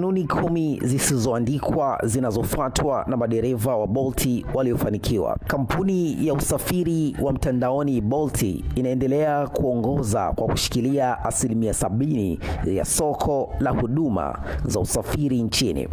kanuni kumi zisizoandikwa zinazofuatwa na madereva wa Bolt waliofanikiwa. Kampuni ya usafiri wa mtandaoni Bolt inaendelea kuongoza kwa kushikilia asilimia sabini ya soko la huduma za usafiri nchini.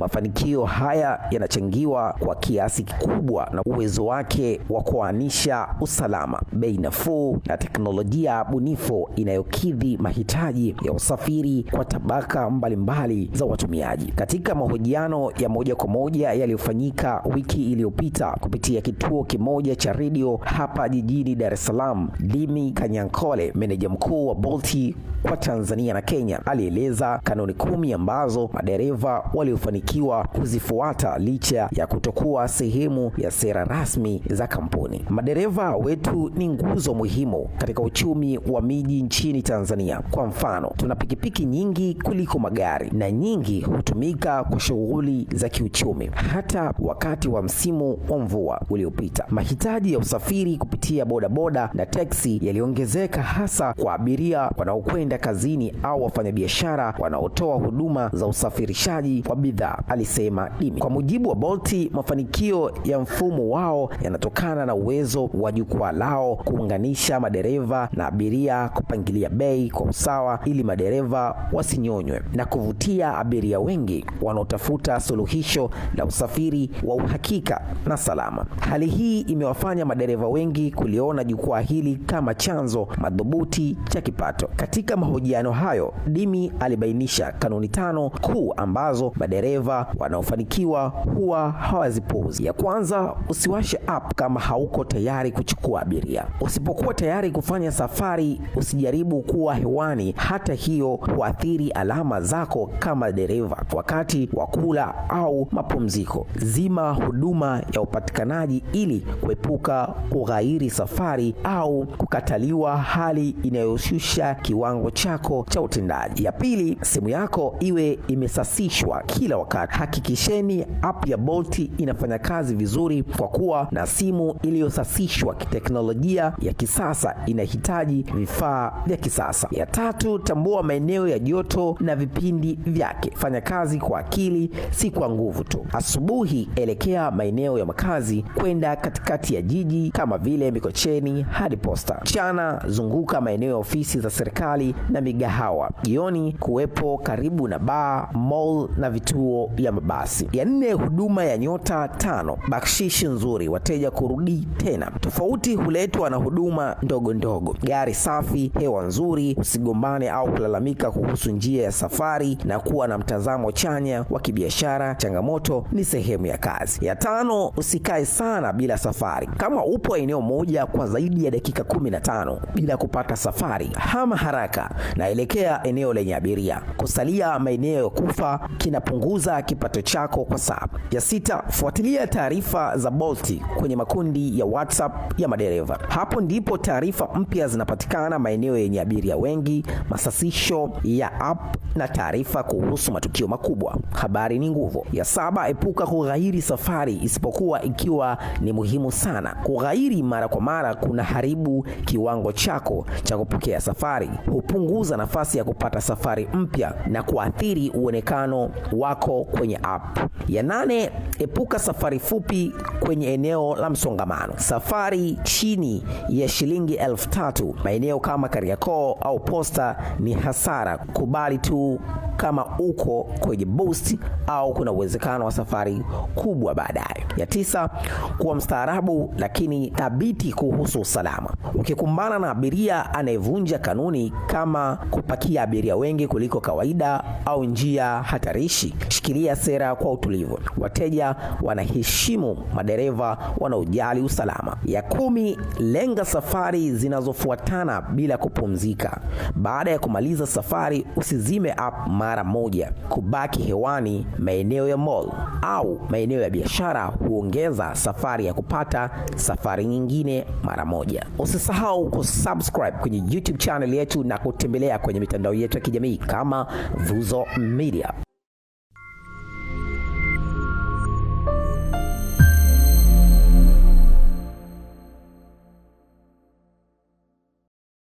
Mafanikio haya yanachangiwa kwa kiasi kikubwa na uwezo wake wa kuanisha usalama, bei nafuu na teknolojia bunifu inayokidhi mahitaji ya usafiri kwa tabaka mbalimbali mbali za watumiaji. Katika mahojiano ya moja kwa moja yaliyofanyika wiki iliyopita kupitia kituo kimoja cha redio hapa jijini Dar es Salaam, Dimi Kanyankole, meneja mkuu wa Bolt kwa Tanzania na Kenya, alieleza kanuni kumi ambazo madereva waliofanikiwa wanatakiwa kuzifuata licha ya kutokuwa sehemu ya sera rasmi za kampuni. Madereva wetu ni nguzo muhimu katika uchumi wa miji nchini Tanzania. Kwa mfano, tuna pikipiki nyingi kuliko magari na nyingi hutumika kwa shughuli za kiuchumi. Hata wakati wa msimu wa mvua uliopita, mahitaji ya usafiri kupitia bodaboda na teksi yaliongezeka, hasa kwa abiria wanaokwenda kazini au wafanyabiashara wanaotoa huduma za usafirishaji wa bidhaa alisema Dimi. Kwa mujibu wa Bolti, mafanikio ya mfumo wao yanatokana na uwezo wa jukwaa lao kuunganisha madereva na abiria, kupangilia bei kwa usawa ili madereva wasinyonywe na kuvutia abiria wengi wanaotafuta suluhisho la usafiri wa uhakika na salama. Hali hii imewafanya madereva wengi kuliona jukwaa hili kama chanzo madhubuti cha kipato. Katika mahojiano hayo, Dimi alibainisha kanuni tano kuu ambazo madereva madereva wanaofanikiwa huwa hawazipuuzi. Ya kwanza, usiwashe app kama hauko tayari kuchukua abiria. Usipokuwa tayari kufanya safari, usijaribu kuwa hewani. Hata hiyo huathiri alama zako kama dereva. Wakati wa kula au mapumziko, zima huduma ya upatikanaji ili kuepuka kughairi safari au kukataliwa, hali inayoshusha kiwango chako cha utendaji. Ya pili, simu yako iwe imesasishwa kila wakati wakati. Hakikisheni app ya Bolt inafanya kazi vizuri, kwa kuwa na simu iliyosasishwa kiteknolojia ya kisasa inahitaji vifaa vya kisasa. Ya tatu, tambua maeneo ya joto na vipindi vyake. Fanya kazi kwa akili, si kwa nguvu tu. Asubuhi elekea maeneo ya makazi kwenda katikati ya jiji kama vile Mikocheni hadi Posta. Mchana zunguka maeneo ya ofisi za serikali na migahawa. Jioni kuwepo karibu na baa, mall na vituo ya mabasi. Ya nne, huduma ya nyota tano, bakshishi nzuri, wateja kurudi tena. Tofauti huletwa na huduma ndogo ndogo, gari safi, hewa nzuri, usigombane au kulalamika kuhusu njia ya safari na kuwa na mtazamo chanya wa kibiashara. Changamoto ni sehemu ya kazi. Ya tano, usikae sana bila safari. Kama upo eneo moja kwa zaidi ya dakika kumi na tano bila kupata safari, hama haraka, naelekea eneo lenye abiria. Kusalia maeneo ya kufa kinapunguza kukuza kipato chako kwa saa. Ya sita, fuatilia taarifa za Bolt kwenye makundi ya WhatsApp ya madereva. Hapo ndipo taarifa mpya zinapatikana, maeneo yenye abiria wengi, masasisho ya app na taarifa kuhusu matukio makubwa. Habari ni nguvu. Ya saba, epuka kughairi safari isipokuwa ikiwa ni muhimu sana. Kughairi mara kwa mara kuna haribu kiwango chako cha kupokea safari, hupunguza nafasi ya kupata safari mpya na kuathiri uonekano wako kwenye app ya nane Epuka safari fupi kwenye eneo la msongamano. Safari chini ya shilingi elfu tatu maeneo kama Kariakoo au Posta ni hasara. Kubali tu kama uko kwenye boost au kuna uwezekano wa safari kubwa baadaye. Ya tisa, kuwa mstaarabu lakini thabiti kuhusu usalama. Ukikumbana na abiria anayevunja kanuni kama kupakia abiria wengi kuliko kawaida au njia hatarishi, shikilia sera kwa utulivu. Wateja wanaheshimu madereva wanaojali usalama. Ya kumi, lenga safari zinazofuatana bila kupumzika. Baada ya kumaliza safari, usizime app mara moja. Kubaki hewani maeneo ya mall au maeneo ya biashara huongeza safari ya kupata safari nyingine mara moja. Usisahau kusubscribe kwenye YouTube channel yetu na kutembelea kwenye mitandao yetu ya kijamii kama Vuzo Media.